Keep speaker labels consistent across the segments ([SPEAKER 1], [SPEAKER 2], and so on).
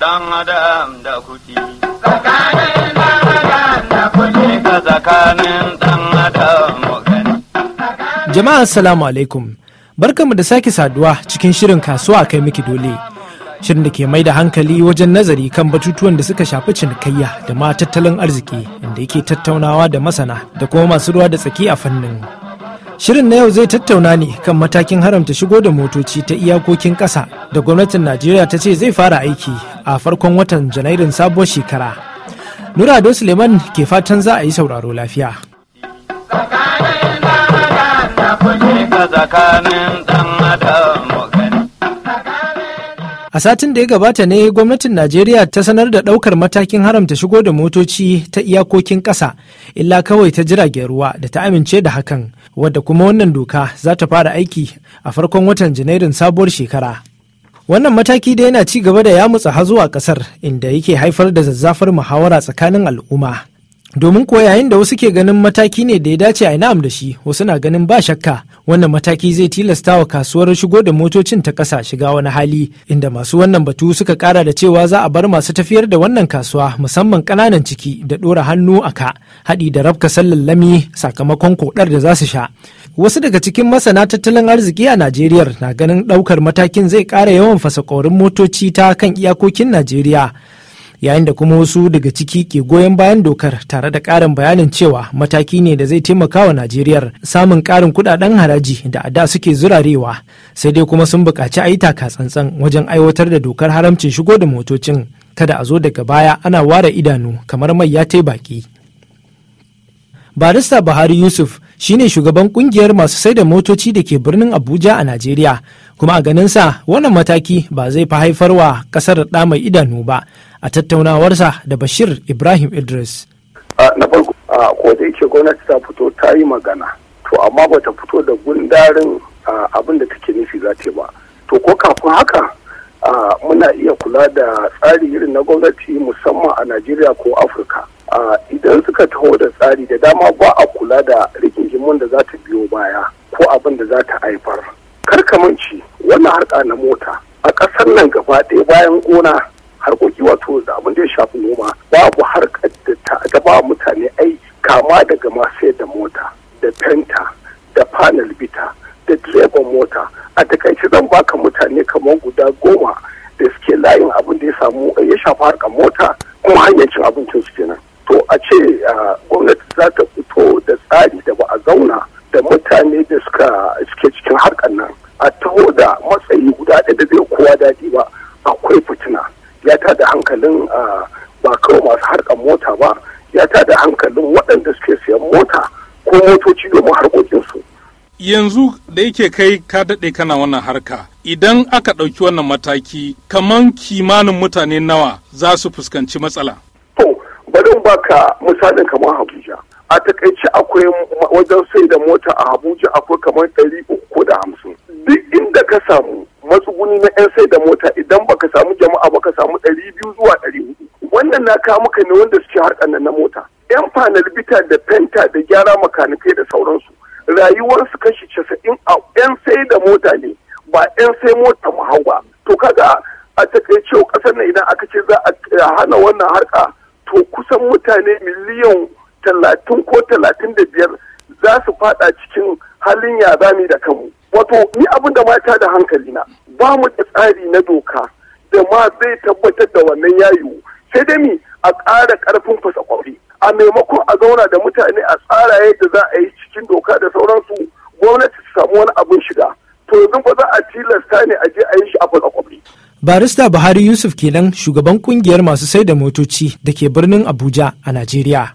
[SPEAKER 1] Dan adam da kuɗi. Tsakanin dan adam da Ka tsakanin dan adam
[SPEAKER 2] Jama'a assalamu alaikum. Barkanmu da sake saduwa cikin shirin kasuwa kai miki dole. Shirin da ke mai da hankali wajen nazari kan batutuwan da suka shafi cinikayya da ma tattalin arziki inda yake tattaunawa da masana da kuma masu ruwa da tsaki a fannin. Shirin na yau zai tattauna ne kan matakin haramta shigo da motoci ta iyakokin ƙasa da gwamnatin Najeriya ta ce zai fara aiki a farkon watan Janairun sabuwar shekara. Nurado Suleiman ke fatan za a yi sauraro lafiya. A satin da ya gabata ne gwamnatin Najeriya ta sanar da ɗaukar matakin haramta shigo da motoci ta iyakokin ƙasa, illa kawai ta jiragen ruwa da ta amince da hakan, wadda kuma wannan doka za ta fara aiki a farkon watan Janairun sabuwar shekara. Wannan mataki da yana ci gaba da yamutsa zuwa ƙasar inda yake haifar da zazzafar muhawara tsakanin al'umma. domin ko yayin da wasu ke ganin mataki ne da ya dace a na'am da shi wasu na ganin ba shakka wannan mataki zai tilasta wa kasuwar shigo da motocin ta kasa shiga wani hali inda masu wannan batu suka kara da cewa za a bar masu tafiyar da wannan kasuwa musamman kananan ciki da ɗora hannu a ka haɗi da rafka lami sakamakon koɗar da za su sha wasu daga cikin masana tattalin arziki a najeriya na ganin ɗaukar matakin zai kara yawan fasakorin motoci ta kan iyakokin najeriya yayin da kuma wasu daga ciki ke goyon bayan dokar tare da ƙarin bayanin cewa mataki ne da zai taimaka wa Najeriyar samun karin kuɗaɗen haraji da a da suke zurarewa sai dai kuma sun buƙaci a yi taka tsantsan wajen aiwatar da dokar haramcin shigo da motocin kada a zo daga baya ana ware idanu kamar mai ya tai baki. Barista Buhari Yusuf shine shugaban kungiyar masu saida motoci da ke birnin Abuja a Najeriya, kuma a ganin sa wannan mataki ba zai fi haifarwa kasar da mai idanu ba, a tattaunawarsa da Bashir Ibrahim Idris.
[SPEAKER 1] Na farko ko da yake gwamnati ta fito ta yi magana to amma ba ta fito da gundarin abin da take nufi za ta ba. To ko kafin haka muna iya kula da tsari irin na gwamnati musamman a Najeriya ko Afirka. Idan suka taho da tsari da dama ba a kula da rigingimun da za ta biyo baya ko abin da za ta haifar. Kar ci wannan harka na mota a ƙasar nan gaba ɗaya bayan gona harkoki wato da abin da ya shafi noma babu harkar da ta ba mutane aiki kama daga masu da mota da fenta da panel bita da direban mota a takaice zan baka mutane kamar guda goma da suke layin abin da ya samu ya shafi harkar mota kuma hanyar cin abincin su kenan to a ce gwamnati za ta fito da tsari da ba a zauna da mutane da suka suke kawai masu harkar mota ba ya da hankalin waɗanda suke siyan mota ko motoci domin harkokinsu. Yanzu da yake kai ka daɗe kana wannan harka idan aka ɗauki wannan mataki kaman kimanin mutane nawa za su fuskanci matsala. To bari in baka misalin kamar Abuja. A takaice akwai wajen sai da mota a Abuja akwai kamar ɗari uku da hamsin. Duk inda ka samu matsuguni na 'yan sai da mota idan baka samu jama'a ba ka samu ɗari biyu zuwa ɗari hudu. wannan na kawo ne wanda suke harkar na mota yan panel bita da fenta da gyara makanikai da sauransu rayuwarsu kashi casa'in a yan sai da mota ne ba yan sai mota mu hau ba to kaga a takaice kasar nan idan aka ce za a hana wannan harka to kusan mutane miliyan talatin ko talatin da biyar za su fada cikin halin ya zami da kanmu wato ni abin da mata da hankali na ba mu da tsari na doka da ma zai tabbatar da wannan yayu sai dai mi a ƙara ƙarfin fasa ƙwauri a maimakon a zauna da mutane a tsara yadda za a yi cikin doka da sauransu gwamnati su samu wani abin shiga
[SPEAKER 2] to yanzu ba za a tilasta ne a je a yi shi a fasa ƙwauri. barista buhari yusuf kenan shugaban kungiyar masu sai da motoci da ke birnin abuja a najeriya.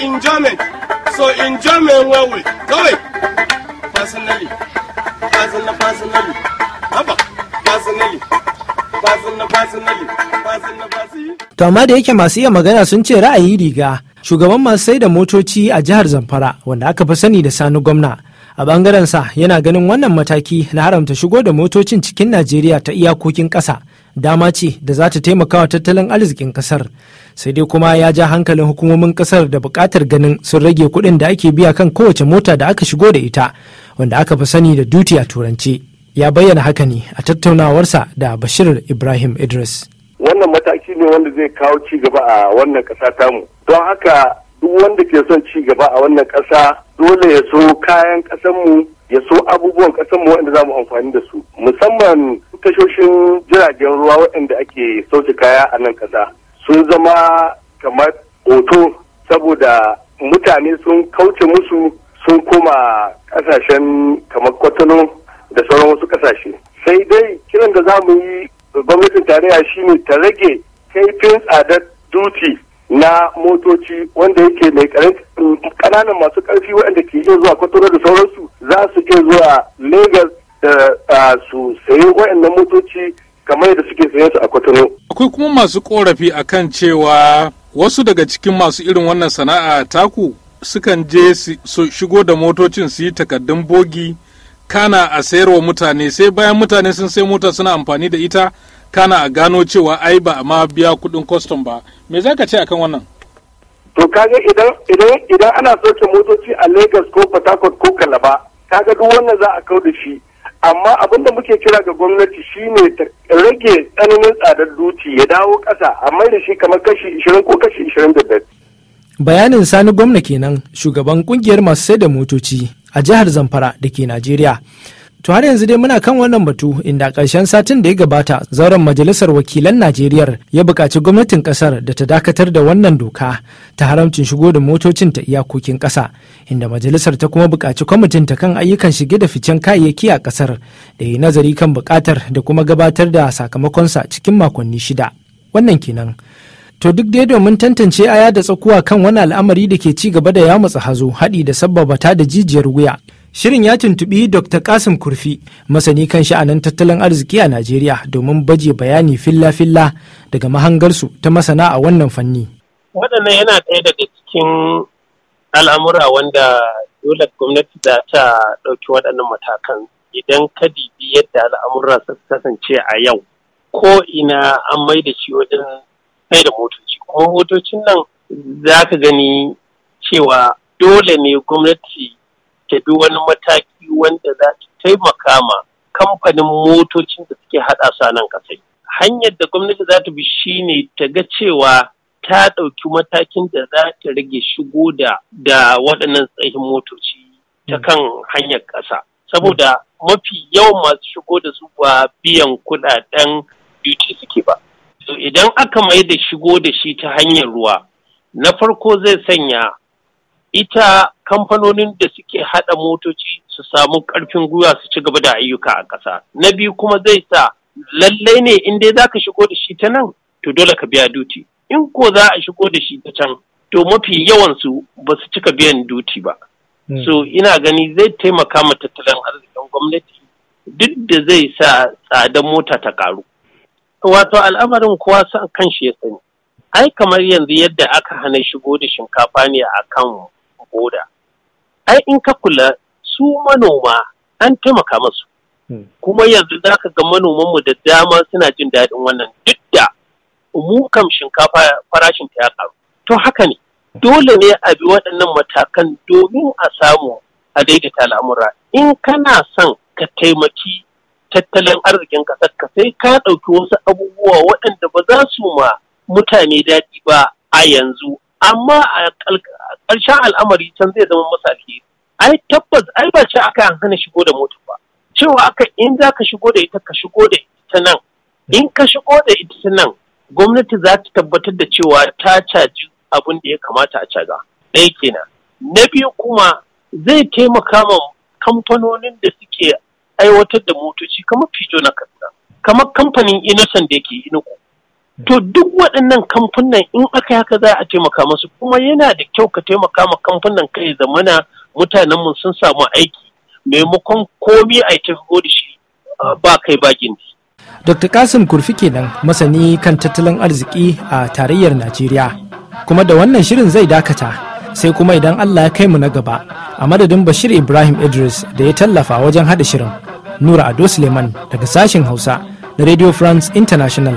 [SPEAKER 1] Enjoyment, so enjoyment we personally,
[SPEAKER 2] To amma da yake masu iya magana sun ce ra'ayi riga shugaban masu sai da motoci a jihar Zamfara wanda aka fi sani da sani gwamna a bangaren sa yana ganin wannan mataki na haramta shigo da motocin cikin Najeriya ta iyakokin ƙasa dama ce da za ta taimaka wa tattalin arzikin kasar sai dai kuma ya ja hankalin hukumomin kasar da bukatar ganin sun rage kuɗin da ake biya kan kowace mota da aka shigo da ita wanda aka fi sani da duty a turance ya bayyana haka ne a tattaunawarsa da bashir ibrahim idris
[SPEAKER 1] wannan mataki ne wanda zai kawo ci gaba a wannan ƙasa tamu don haka duk wanda ke son ci gaba a wannan ƙasa dole ya so kayan ƙasanmu ya so abubuwan ƙasanmu wanda za mu amfani da su musamman tashoshin jiragen ruwa waɗanda ake sauke kaya a nan ƙasa sun zama kamar hoto saboda mutane sun kauce musu sun koma ƙasashen kamar kwatano da sauran wasu ƙasashe sai dai kiran da za mu yi gwamnatin tarayya shine ta rage kaifin tsadar duti na motoci wanda yake mai ƙananan masu ƙarfi waɗanda ke iya zuwa kwatano da sauransu za su iya zuwa Legas da su sayi waɗannan motoci kamar yadda suke sayan su a kwatano. Akwai kuma masu korafi kan cewa wasu daga cikin masu irin wannan sana'a taku sukan je su shigo da motocin su yi takaddun bogi kana a sayarwa mutane sai bayan mutane sun sai mota suna amfani da ita kana a gano cewa ai ba ma biya kuɗin kwastom ba me za ka ce akan wannan to kaga idan idan idan ana sauke motoci a lagos ko port harcourt ko kalaba kaga duk wannan za a kau da shi amma abin da muke kira ga gwamnati shine ta rage tsananin tsadar duti ya dawo ƙasa amma da shi kamar kashi 20 ko
[SPEAKER 2] kashi 25 bayanin sani gwamna kenan shugaban kungiyar masu sai da motoci a jihar zamfara da ke najeriya To har yanzu dai muna kan wannan batu inda ƙarshen satin da ya gabata zauren majalisar wakilan Najeriya ya buƙaci gwamnatin ƙasar da ta dakatar da wannan doka ta haramcin shigo da motocin ta iyakokin ƙasa inda majalisar ta kuma buƙaci kwamitin ta kan ayyukan shige da ficen kayayyaki a ƙasar da yi nazari kan buƙatar da kuma gabatar da sakamakonsa cikin makonni shida. Wannan kenan. To duk dai domin tantance aya da tsakuwa kan wani al'amari da ke ci gaba da ya hazo haɗi da sabbabata da jijiyar wuya. Shirin ya tuntubi Dr. Kasim Kurfi, masani kan sha'anin tattalin arziki a Najeriya domin baje bayani filla-filla daga mahangarsu ta masana a wannan fanni.
[SPEAKER 3] Waɗannan yana ɗaya daga cikin al'amura wanda dole gwamnati za ta ɗauki waɗannan matakan idan ka dibi yadda al'amura su kasance a yau ko ina an mai da shi wajen sai da motoci kuma motocin nan za ka gani cewa dole ne gwamnati ta bi wani mataki wanda za ta taimaka ma kamfanin motocin da suke haɗa su a nan kasai. Hanyar da gwamnati za ta bi ne ta ga cewa ta ɗauki matakin da za ta rage shigo da da waɗannan tsayin motoci ta mm. kan hanyar ƙasa. Saboda mafi yawan masu shigo da su ba biyan kuɗaɗen duty suke ba. Idan aka mai da shigo da shi ta hanyar ruwa, na farko zai sanya ita kamfanonin da suke haɗa motoci su samu karfin gwiwa su ci gaba da ayyuka a ƙasa. Na biyu kuma zai sa lallai ne in dai za ka shigo da shi ta nan to dole ka biya duti. In ko za a shigo da shi ta can to mafi yawansu ba su cika biyan duti ba. Hmm. So ina gani zai taimaka ma tattalin arzikin gwamnati duk da zai sa tsadan mota ta karu Wato al'amarin kowa kan shi ya sani. Ai kamar yanzu yadda aka hana shigo da shinkafa ne a kan Koda, ai in ka kula su manoma an taimaka masu hmm. kuma yanzu za ka ga manomanmu da dama suna jin daɗin wannan duk da mu kam shinkafa farashin ta ya karu to haka ne dole ne a bi waɗannan matakan domin a samu a daidaita al'amura in kana son ka taimaki tattalin arzikin ƙasar ka sai ka ɗauki wasu abubuwa waɗanda ba za su ma mutane daɗi ba a yanzu amma a ƙarshen al'amari can zai zama masa alheri ai tabbas ai ba ce aka yi hana shigo da mota ba cewa aka in za ka shigo da ita ka shigo da ita nan in ka shigo da ita nan gwamnati za ta tabbatar da cewa ta caji abin da ya kamata a caga ɗaya kenan na biyu kuma zai taimaka ma kamfanonin da suke aiwatar da motoci kamar fijo na kaduna kamar kamfanin innocent da ke inuku to duk waɗannan kamfunan in aka haka za a taimaka musu kuma yana da kyau ka taimaka ma kamfunan kai zamana mutanenmu sun samu aiki maimakon komi a tafi da shi ba kai ba gindi.
[SPEAKER 2] Dr. Kasim Kurfi kenan masani kan tattalin arziki a tarayyar Najeriya. Kuma da wannan shirin zai dakata sai kuma idan Allah ya kai mu na gaba a madadin Bashir Ibrahim Idris da ya tallafa wajen haɗa shirin. Nura Ado Suleiman daga sashen Hausa na Radio France International